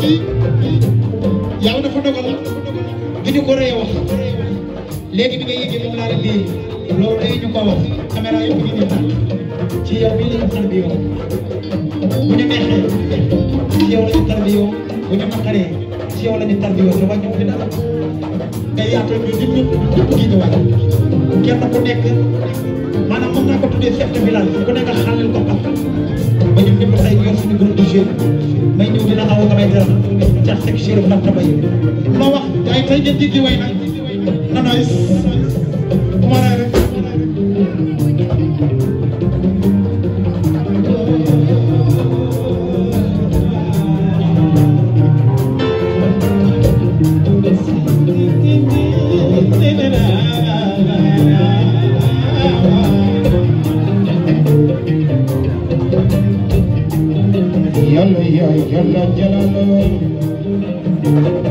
kii yàlla dafa dogal bi ñu ko rëy wax léegi bi nga yëgee moom laa leen di loolu day ñu ko wax caméra yëpp ñu ngi ci yow bii lañu tarbiyoo bu ñu neexee ci yow ci yow lañu tarbiyoo te wàññi fi dara mais yaatu ñu ñun ñëpp ñëpp gii ñëwaat kenn ku nekk maanaam mën naa ko tuddee chef de village ku nekk xaalal ko ba ñun ñëpp ak teg martaba yi ma wax ay tey ngeen di di way nag na nooy ma ne rek yalla yalla yalla Thank you.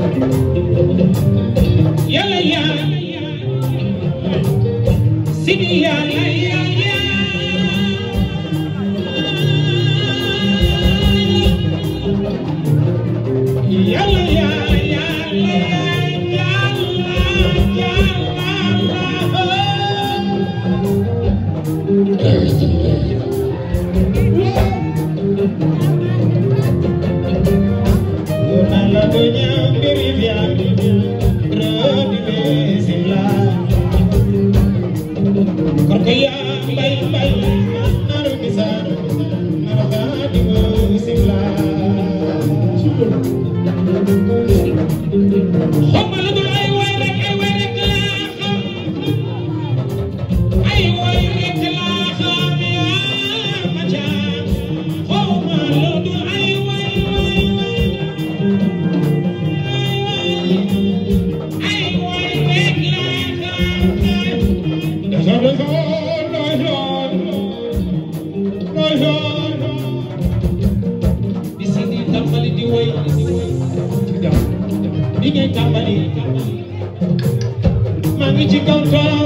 don't try.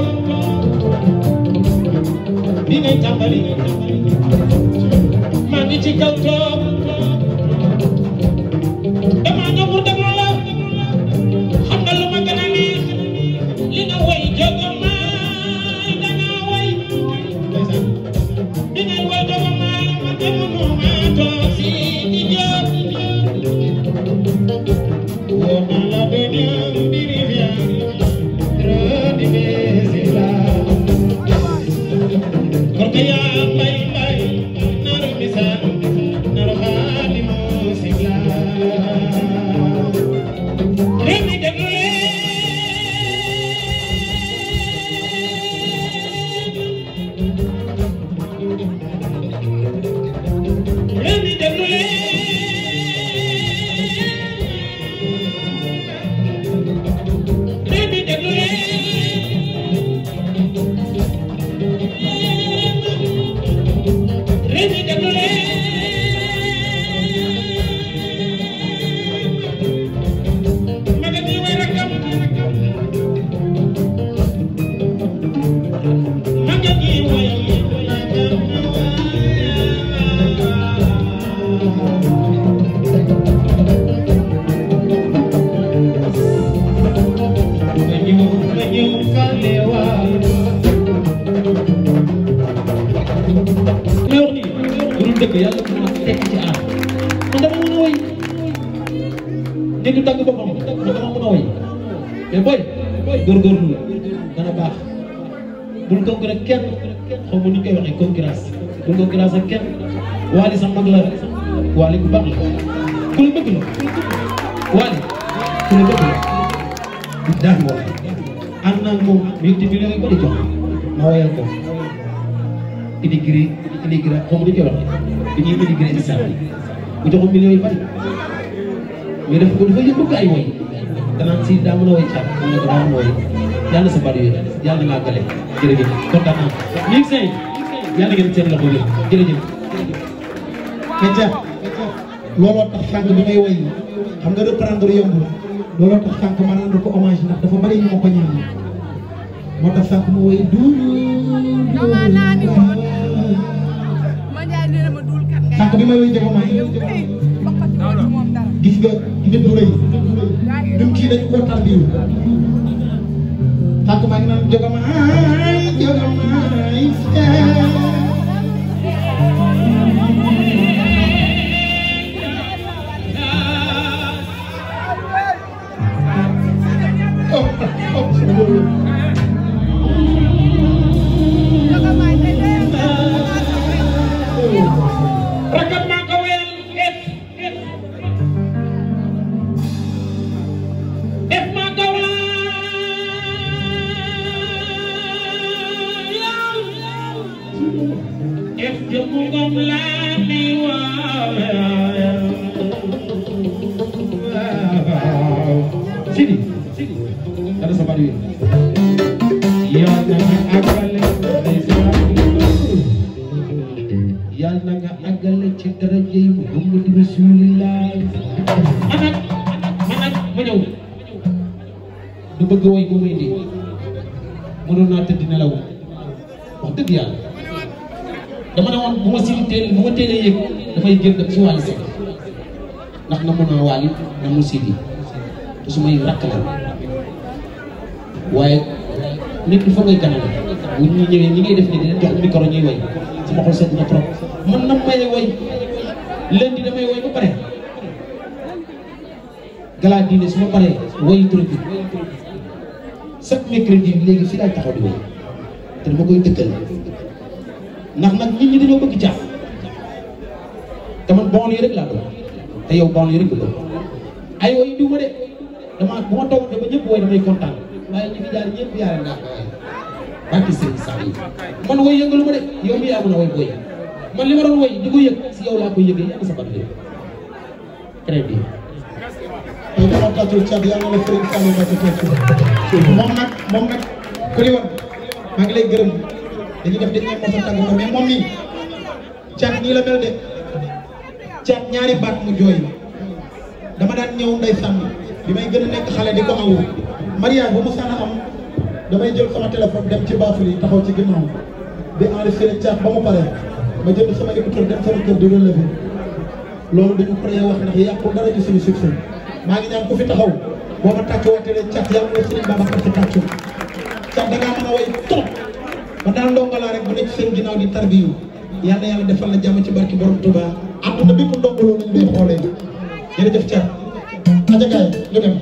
Kalewa dëkk yàlla mën naa tekk ci aar man dama mën a woy nit du tàgg boppam man dama mën a kenn xaw ma nuñ koy waxee concurrence kenn waali sa mag la waali ku baax la ku la waali ku la bëgg la daan moo ànd naa moom yëkkati million yi bëri jox ma woyal ko Idigri Idigra xaw ma nuñ koy waxee dañuy mën a gën a islam bi joxoon millions bari mais dafa ko dafa yóbbu ay woy danaan si daa mën a woy càpp mu ne ko daa mën a woy yàlla sa bari yooyu yàlla naa gale jërëjëf kontaan tax sànq bi may woy xam nga reprendre yombul looloo te li may lay jafe gis nga nit du rëy ñun kii dañu ko tardé tàkk maa ngi naan jogama ay jogama manat manat ma ñëw du bëgg woy bu may nii mënoon naa tëdd nelaw wax dëgg yàlla dama ne woon bu ma si teel dafay génn dem ci wàll na mun a wàll si bi te su may rakk la waaye nit fa ngay ganale bu ñu ñëwee ñi ngay def nii dinañ jox micro ñuy way sama xol sedd na trop man na may way leen damay woy ba pare galaat diine su ma paree woy tropique chaque mercredi léegi fii laay taxaw di woy te dama koy dëkkal ndax nag nit ñi dañoo bëgg jàpp te man bon yi rek laa doon te yow bon yi rek la ay woy diw ma de dama bu ma toog ba ñëpp damay kontaan waaye ñi fi jaar ñëpp yaara naa ko waaye bàkki sëriñ Saliou man woy yëngalu ma de yow mi yaa mun a woy booy man li ma doon woy di ko yëg si yow laa koy yëgee yàlla sa bàtt très ca àll moom nag moom nag ku li woon maa ngi lay gërëm dañuy def dañu ñëw mos mais moom nii Thiat nii la mel de Thiat ñaari baat mu jooy dama daan ñëw nday sànni bi may gën a nekk xale di ko awu mariage bu mu sànn am damay jël sama téléphone dem ci baaful yi taxaw ci ginnaaw di enregistré Thiat ba mu pare. ma jënd sama écouteur dem sama kër di relever loolu dañu paree wax ndax yàqu dara ci suñu succès maa ngi ñaan ku fi taxaw boo ma tàcc waxtaanee cat yàlla na Serigne Babacar si tàcc cat da ngaa mën a way trop ba daal ndongalaa rek bu nekk seen ginnaaw di tarbiyu yal na yàlla defal la jàmm ci barki borom Touba àdduna bi mu ndongaloo lañ lay xoolee jërëjëf cat. Adja Gaye ñu dem.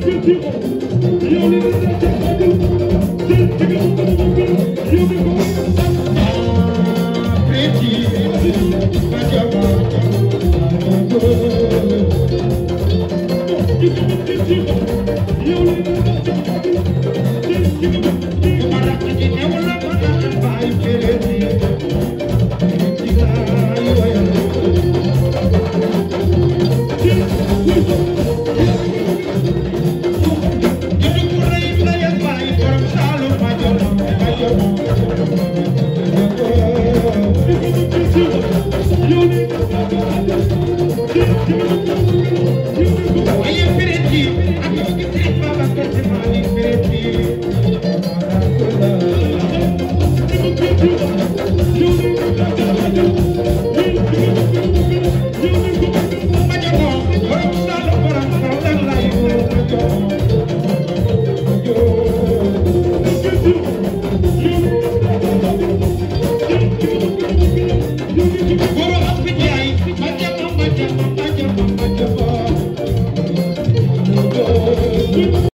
Thank you. Júlio!